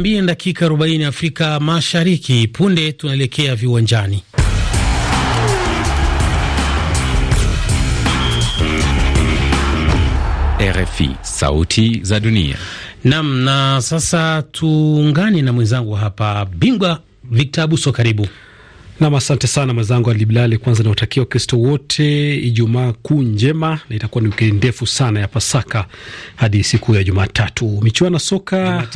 mbili dakika 40 Afrika Mashariki. Punde tunaelekea viwanjani. RFI, sauti za dunia. Naam, na sasa tuungane na mwenzangu hapa, bingwa Victor Abuso, karibu. Nam, asante sana mwenzangu Ali Bilali. Kwanza nawatakia Wakristo wote Ijumaa Kuu njema, na itakuwa ni wikendi ndefu sana ya Pasaka hadi siku ya Jumatatu. Michuano ya soka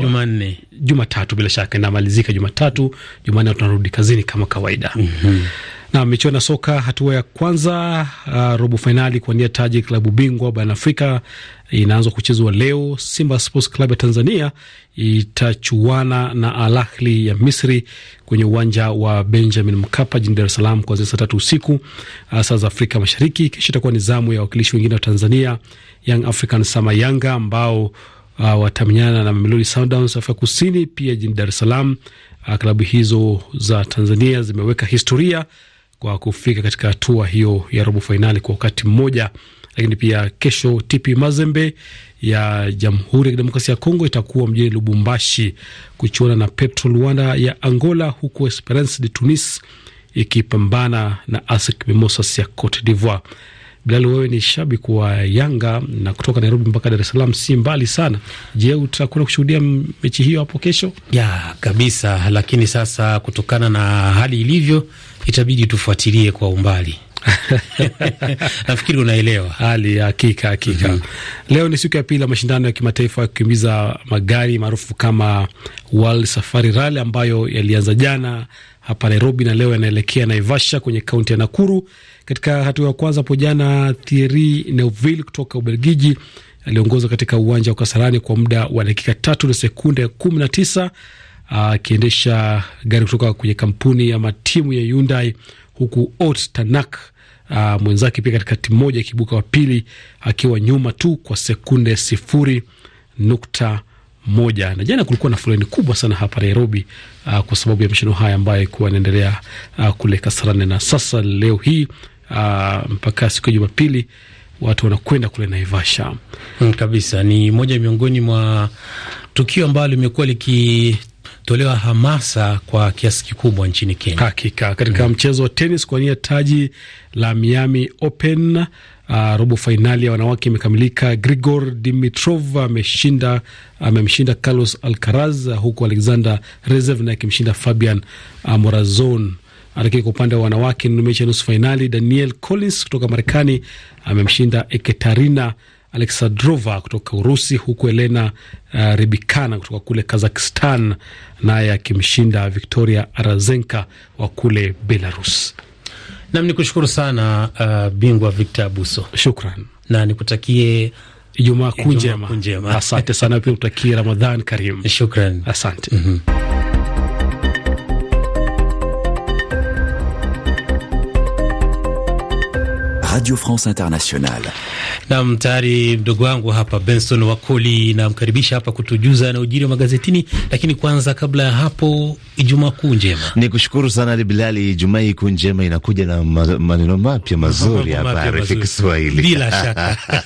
Jumanne, Jumatatu bila shaka inamalizika Jumatatu. Jumanne tunarudi kazini kama kawaida. mm -hmm. Na michuano ya soka hatua ya kwanza uh, robo fainali kuwania taji klabu bingwa barani Afrika inaanza kuchezwa leo. Simba Sports Club ya Tanzania itachuana na Al Ahly ya Misri kwenye uwanja wa Benjamin Mkapa jijini Dar es Salaam kuanzia saa tatu usiku uh, saa za Afrika Mashariki. Kisha itakuwa ni zamu ya wakilishi wengine wa Tanzania, Young African sama Yanga ambao uh, watamenyana na Mamelodi Sundowns Afrika Kusini, pia jijini Dar es Salaam. Uh, klabu hizo za Tanzania zimeweka historia kwa kufika katika hatua hiyo ya robo fainali kwa wakati mmoja. Lakini pia kesho TP Mazembe ya Jamhuri ya Kidemokrasia ya Kongo itakuwa mjini Lubumbashi kuchuana na Petro Luanda ya Angola, huku Esperance de Tunis ikipambana na ASEC Mimosas ya Cote d'Ivoire. Bilali, wewe ni shabiki wa Yanga na kutoka Nairobi mpaka Dar es Salaam si mbali sana. Je, utakwenda kushuhudia mechi hiyo hapo kesho? Ya kabisa, lakini sasa kutokana na hali ilivyo itabidi tufuatilie kwa umbali. Nafikiri unaelewa hali hakika hakika. mm -hmm. Leo ni siku ya pili ya mashindano ya kimataifa ya kukimbiza magari maarufu kama World Safari Rally ambayo yalianza jana hapa Nairobi na leo yanaelekea Naivasha kwenye kaunti ya Nakuru. Katika hatua ya kwanza hapo jana, Thierry Neuville kutoka Ubelgiji aliongoza katika uwanja wa Kasarani kwa muda wa dakika tatu na sekunde kumi na tisa akiendesha uh, gari kutoka kwenye kampuni ama timu ya Hyundai, huku Ot Tanak Uh, mwenzake pia katika timu moja akibuka wa pili akiwa nyuma tu kwa sekunde sifuri nukta moja. Na jana kulikuwa na foleni kubwa sana hapa Nairobi uh, kwa sababu ya mashindano haya ambayo ilikuwa inaendelea uh, kule Kasarani, na sasa leo hii uh, mpaka siku ya Jumapili watu wanakwenda kule Naivasha. Mm, kabisa ni moja miongoni mwa tukio ambalo limekuwa liki kutolewa hamasa kwa kiasi kikubwa nchini Kenya. Hakika katika mm -hmm. mchezo wa tenis kuwania taji la Miami Open uh, robo fainali ya wanawake imekamilika. Grigor Dimitrov ameshinda amemshinda Carlos Alcaraz, huku Alexander reserve naye akimshinda Fabian Morazon. Lakini kwa upande wa wanawake mechi ya nusu fainali, Daniel Collins kutoka Marekani amemshinda Ekaterina Alexandrova kutoka Urusi, huku Elena uh, Ribikana kutoka kule kazakistan naye akimshinda Victoria arazenka wa kule Belarus. Nam ni kushukuru sana uh, bingwa Victor Abuso, shukran na nikutakie Ijumaa kuu njema. Asante sana pia utakie Ramadhan karimu Shukran, asante. mm -hmm. Radio France Internationale. Nam tayari mdogo wangu hapa Benson Wakoli namkaribisha hapa kutujuza na ujiri wa magazetini, lakini kwanza, kabla ya hapo, Ijumaa kuu njema. Ni kushukuru sana Ali Bilali. Ijumaa hii kuu njema inakuja na maneno mapya mazuri hapa RFI Kiswahili, bila shaka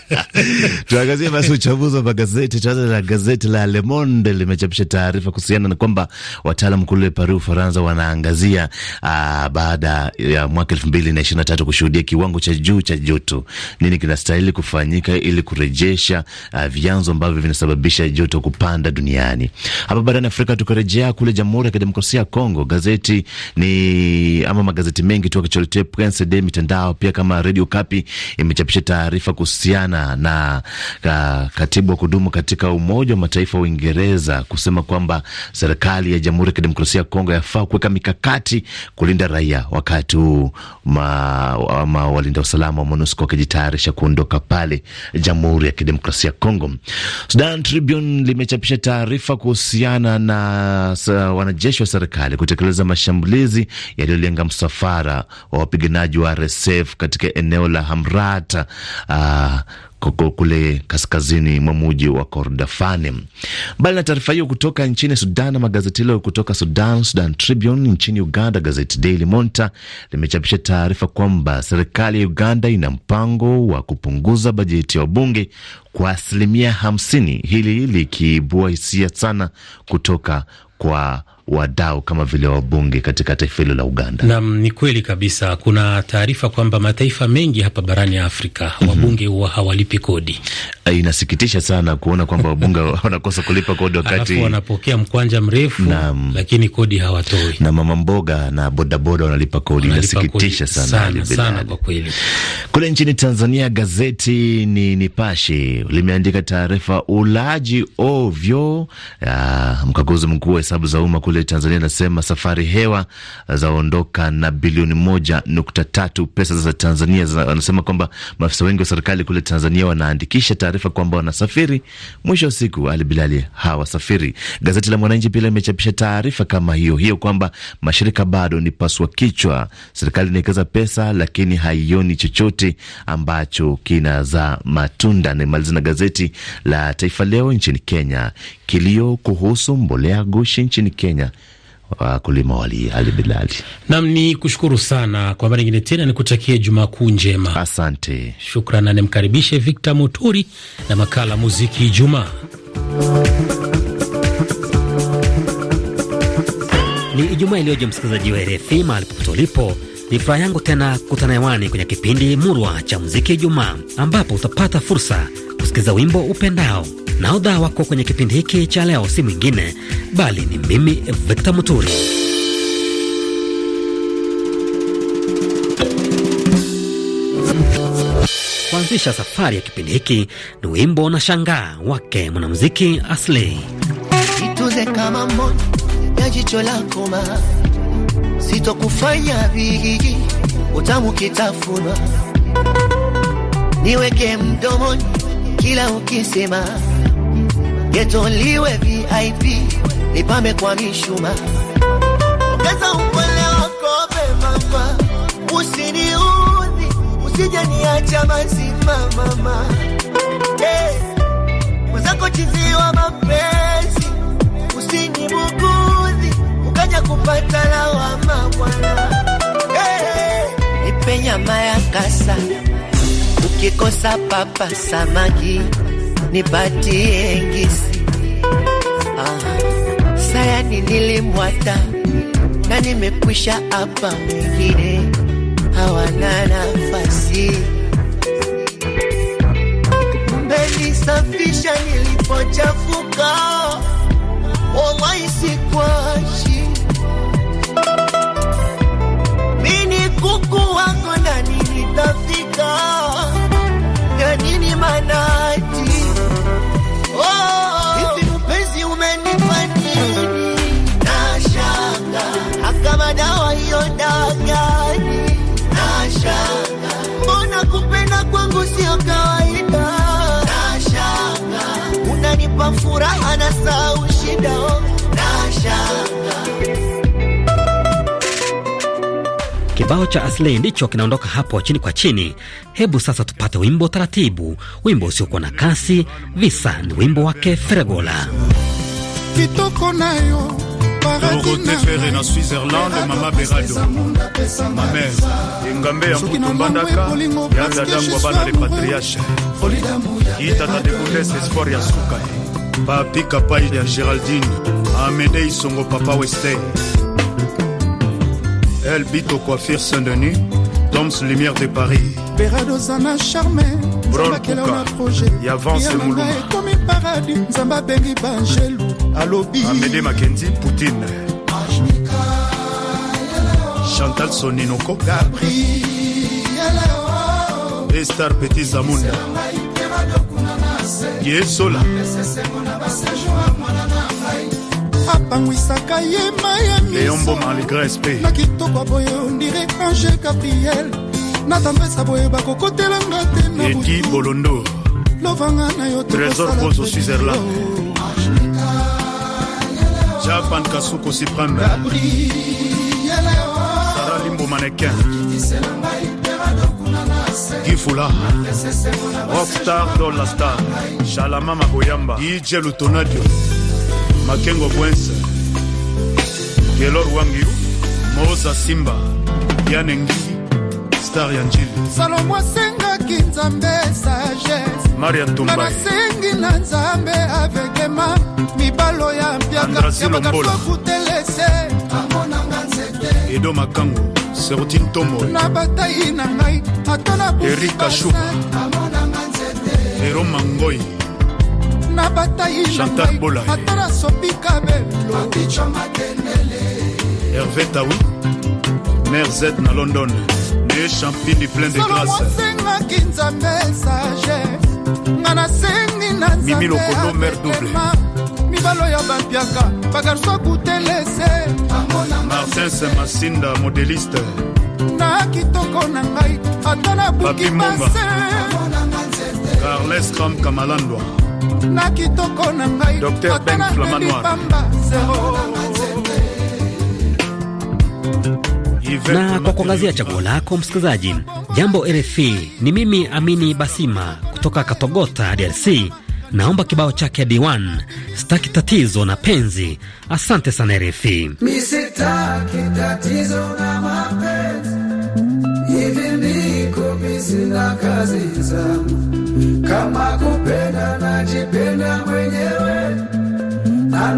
tuangazie basi uchambuzi wa magazeti. Tuanza na gazeti la Le Monde, limechapisha taarifa kuhusiana na kwamba wataalam kule Paris, Ufaransa, wanaangazia ah, baada ya mwaka elfu mbili na ishirini na tatu kushuhudia kiwango cha juu juu cha joto. Nini kinastahili kufanyika ili kurejesha uh, vyanzo ambavyo vinasababisha joto kupanda duniani? Hapa barani Afrika, tukarejea kule Jamhuri ya Kidemokrasia ya Kongo, gazeti ni ama magazeti mengi tu akicholetea Prince de mitandao pia kama Radio Kapi imechapisha taarifa kuhusiana na ka, katibu wa kudumu katika Umoja wa Mataifa wa Uingereza kusema kwamba serikali ya Jamhuri ya Kidemokrasia ya Kongo yafaa kuweka mikakati kulinda raia wakati huu ma, ma walinda usalama usalama wa MONUSCO wakijitayarisha kuondoka pale Jamhuri ya Kidemokrasia ya Kongo. Sudan Tribune limechapisha taarifa kuhusiana na wanajeshi wa serikali kutekeleza mashambulizi yaliyolenga msafara wa wapiganaji wa RSF katika eneo la Hamrata. Uh, kule kaskazini mwa muji wa Kordofani. Mbali na taarifa hiyo kutoka nchini Sudan na magazeti leo kutoka Sudan, Sudan Tribune nchini Uganda, gazeti Daily Monitor limechapisha taarifa kwamba serikali ya Uganda ina mpango wa kupunguza bajeti ya wabunge kwa asilimia hamsini, hili likiibua hisia sana kutoka kwa wadau kama vile wabunge katika taifa hilo la Uganda. Naam, ni kweli kabisa. Kuna taarifa kwamba mataifa mengi hapa barani Afrika mhm. wabunge mm -hmm. huwa hawalipi kodi. Eh, inasikitisha sana kuona kwamba wabunge wanakosa kulipa kodi wakati alafu wanapokea mkwanja mrefu na, lakini kodi hawatoi, na mama mboga na bodaboda wanalipa kodi. Inasikitisha sana sana, sana kwa kweli. Kule nchini Tanzania gazeti ni Nipashe limeandika taarifa ulaji ovyo, mkaguzi mkuu wa hesabu za umma kule kule Tanzania inasema safari hewa zaondoka na bilioni moja nukta tatu pesa za Tanzania. Wanasema kwamba maafisa wengi wa serikali kule Tanzania wanaandikisha taarifa kwamba wanasafiri, mwisho wa siku Ali Bilali hawasafiri. Gazeti la Mwananchi pia limechapisha taarifa kama hiyo hiyo kwamba mashirika bado ni paswa kichwa, serikali inaekeza pesa lakini haioni chochote ambacho kinazaa matunda. Nimaliza na gazeti la Taifa Leo nchini Kenya kilio kuhusu mbolea gushi nchini Kenya. Wakulima wali Ali Bilali, nam ni kushukuru sana kwa habari nyingine tena, nikutakie Jumaa Kuu njema. Asante, shukran. Nimkaribishe Victor Muturi na makala muziki Ijumaa. Ni Ijumaa iliyojo msikilizaji wa RFI mahali popote ulipo, ni furaha yangu tena kukutana hewani kwenye kipindi murwa cha muziki Ijumaa, ambapo utapata fursa kusikiliza wimbo upendao Nahodha wako kwenye kipindi hiki cha leo si mwingine bali ni mimi Victor Muturi. Kuanzisha safari ya kipindi hiki ni wimbo na shangaa wake mwanamuziki Asley. kama ya jicho lako ma sitokufanya utamu niweke mdomoni kila ukisema geto liwe VIP, nipambe kwa mishuma, ongeza upole wako mama, usiniudhi, usije niacha mazima mama, mwenzako mapezi chiziwa mapenzi, usinibugudhi ukaja kupata lawama bwana hey, nipe nyama ya kasa, ukikosa papa samaki nipatie ngisi. Ah, sayani nilimwata na nimekwisha apa, mwingine hawana nafasi. Mmenisafisha nilipochafuka, wallahi sikwashi mini kuku wako ndani nitafika kupenda kwangu sio kawaida, nashanga unanipa furaha na sau shida, oh. nashanga Kibao cha Asley ndicho kinaondoka hapo chini kwa chini. Hebu sasa tupate wimbo taratibu, wimbo usiokuwa na kasi. Visa ni wimbo wake Feregola kitoko nayo dorote fere na switzerland mama berado mamer engambe ya mbutu mbandaka ya dadangwa bana le patriarche itata de bundes espoir ya suka papi kapai ya geraldine amede isongo papa westey elbito coiffure saint denis Doms Lumière de Paris beradozana charme nzambakela na projet yanga ekomi paradi nzambe abengi bangelu alobi ah, amede makenzi poutine chantal soninoko estar petit zamunda yesola apangwisaka ye mayemi na kitoko boye ondire ange gabriel na tendresa boye bakokotelanga te na eti bolondo lovanga na yo trésor poso switzerland japan kasuko supreme sara limbo manekin gifula rockstar dolastar shalama makoyamba dj lutonadio makengo bwense gelor wangiu moza simba yane ngigi star ya njili salomo asengaki nzambe sagesse maria tumbanasengi na nzambe avekema mibalo ya mpiakayamakasuakutelese amonanga nzete edo makango sertin tomo na batai na ngai ata na erika shuka amonanga nzete ero mangoi na batai ata nasopi kabelherve tawi mare z na london ne champine plein de grâceosengaki nzambe sage nga nasengi na mimi lokondo mare double mibalo ya bampiaka bagarso butelese martin semasinda modeliste na kitoko na ngai ata nabuki base carles ram kamalandwa na kitoko na ngai Ben Flamanoir na kwa kuangazia chaguo lako msikilizaji. Jambo RFI, ni mimi Amini Basima kutoka Katogota, DRC. Naomba kibao chake D1 sitaki tatizo na penzi. Asante sana RFI sina kazi zangu, kama kupenda najipenda mwenyewe na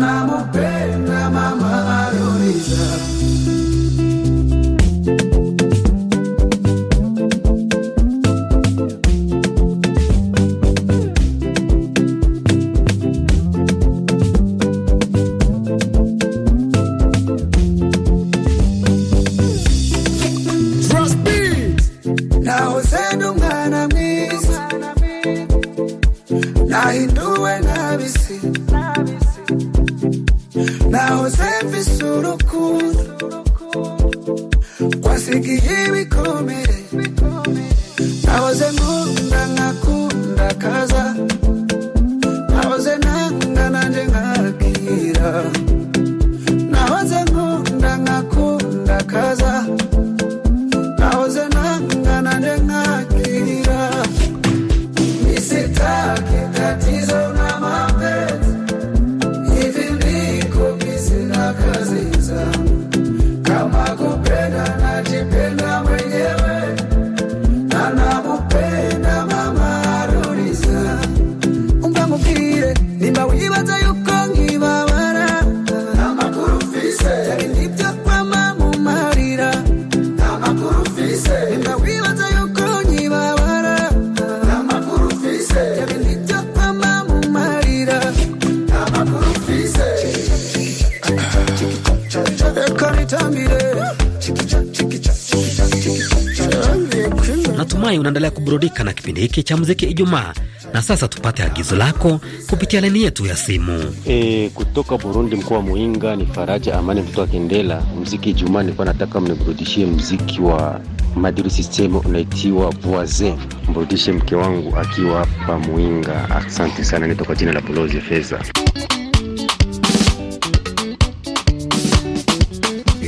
unaendelea kuburudika na kipindi hiki cha muziki Ijumaa. Na sasa tupate agizo lako kupitia laini yetu ya simu. E, kutoka Burundi, mkoa wa Muinga ni Faraja Amani mtoto wa Kendela. Muziki Ijumaa nilikuwa nataka mniburudishie muziki wa Madiri System unaitiwa Voise, Mburudishe mke wangu akiwa hapa Muinga. Asante sana, nitoka kwa jina la Bolozi Feza.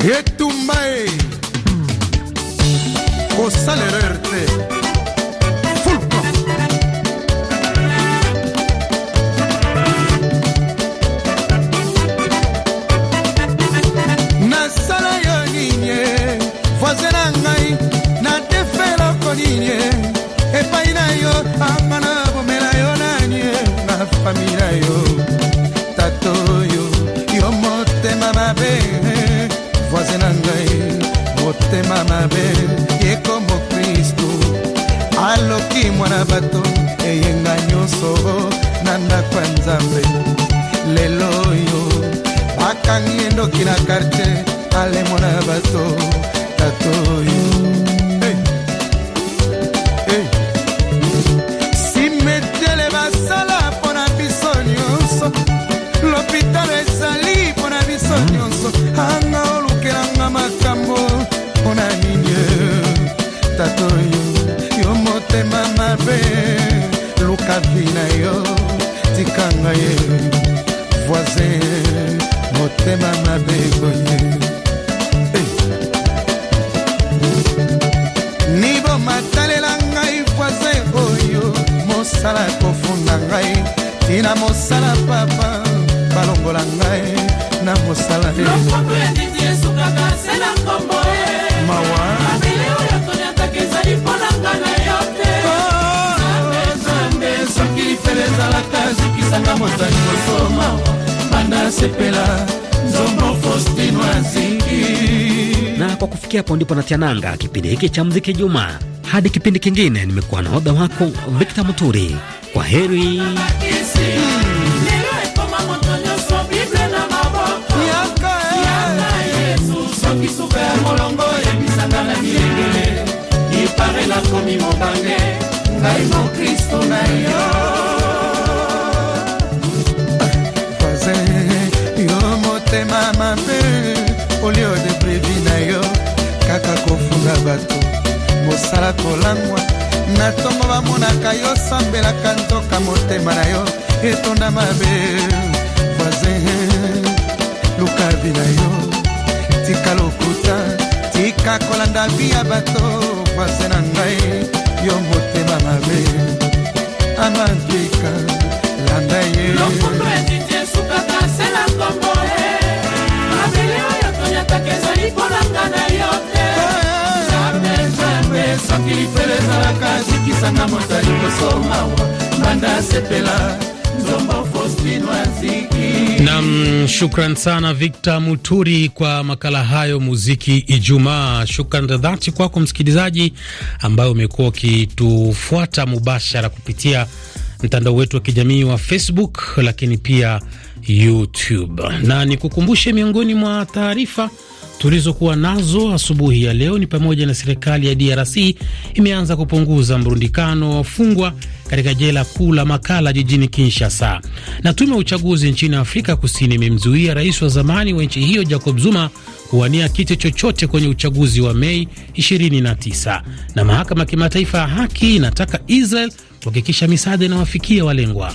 Yetumba motema mabe voisin na ngai motema mabe yeko mokristu aloki mwana bato eyenga nyonso na ndako ya nzambe lelo oyo bakangi endoki na kartier alemona bato tato oyo na mabe lukavi na yo tikanga ye voisin motema mabe boye eh. nibomatalela ngai voisin oyo mosala kofunda ngai tina mosala papa balongola ngai na mosala eh. mawa nsepela ezalaka zikisanga mozali kosoma banda sepela na kwa kufikia hapo ndipo natiananga kipindi hiki cha mziki juma hadi kipindi kingine nimekuwa na odha wako victor muturi kwa heri kisufer molongo na bilengele ipare nakomi mobange ngai mokristo ezala kolangwa na ntongo bamonaka yo osambelaka nzoka motema na yo etonda mabe voisin lukabi na yo tika lokuta tika kolanda bi ya bato voisin na ngai yo motema mabe amandika landa ye lokundo etiti esukaka sela nkombo e mabele oyo tonyataka ezali mponanga na yo te bilifele ezalaka zikisanga moto alikosomawa banda sepela nzomba nam shukran sana Victor Muturi kwa makala hayo muziki Ijumaa. Shukran za dhati kwako msikilizaji ambaye umekuwa ukitufuata mubashara kupitia mtandao wetu wa kijamii wa Facebook, lakini pia YouTube. Na nikukumbushe miongoni mwa taarifa tulizokuwa nazo asubuhi ya leo ni pamoja na serikali ya DRC imeanza kupunguza mrundikano wa wafungwa katika jela kuu la Makala jijini Kinshasa, na tume ya uchaguzi nchini Afrika Kusini imemzuia rais wa zamani wa nchi hiyo Jacob Zuma kuwania kiti chochote kwenye uchaguzi wa Mei 29, na mahakama ya kimataifa ya haki inataka Israel kuhakikisha misaada inawafikia walengwa.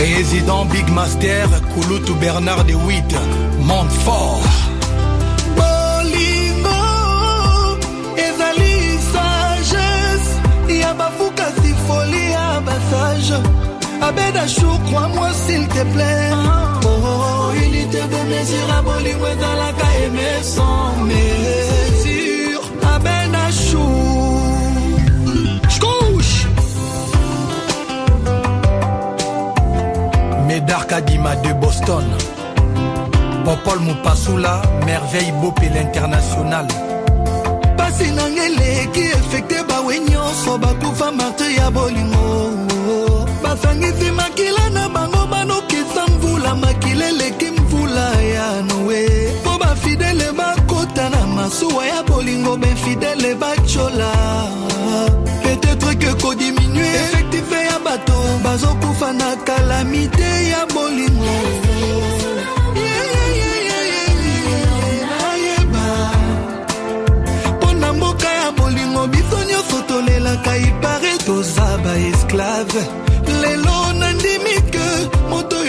Président Big Master, Tou Bernard de 8, monte fort. Bolingo, Ezali sagesse, Yabafuka si folie à passage. Abena Chou, crois-moi s'il te plaît. Ah. Oh, oh, oh, il était de mesure à Bolingo, Ezalaka aimé sans mesure. Abena Chou. d'Arkadima de Boston. Popol Mupasula, merveille Bopé l'international. Passé nangele qui effecté bawenyo, so bakufa martre ya bolingo. Basangisi makila na bango banokisa mvula makilele ki mvula ya noe. Po bafidele bakota na masuwa ya bolingo, benfidele bachola. Peut-être que Kodima bato bazokufa na kalamite ya bolingo mpo na mboka ya bolingo biso nyonso tolelaka ipare toza baesclave lelo nandimi ke moto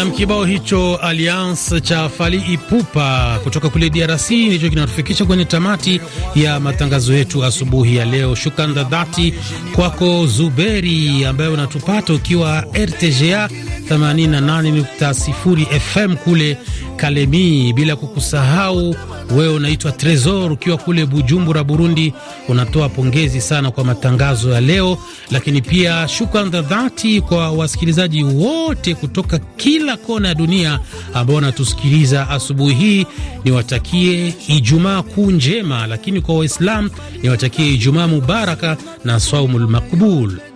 Nam kibao hicho Alliance cha Fali Ipupa kutoka kule DRC ndicho kinatufikisha kwenye tamati ya matangazo yetu asubuhi ya leo. Shukrani za dhati kwako Zuberi ambaye unatupata ukiwa RTGA 88.0 FM kule Kalemi, bila kukusahau wewe unaitwa Tresor ukiwa kule Bujumbura, Burundi, unatoa pongezi sana kwa matangazo ya leo, lakini pia shukrani za dhati kwa wasikilizaji wote kutoka kila kona ya dunia ambao wanatusikiliza asubuhi hii. Niwatakie Ijumaa kuu njema, lakini kwa Waislamu niwatakie Ijumaa mubaraka na saumul makbul.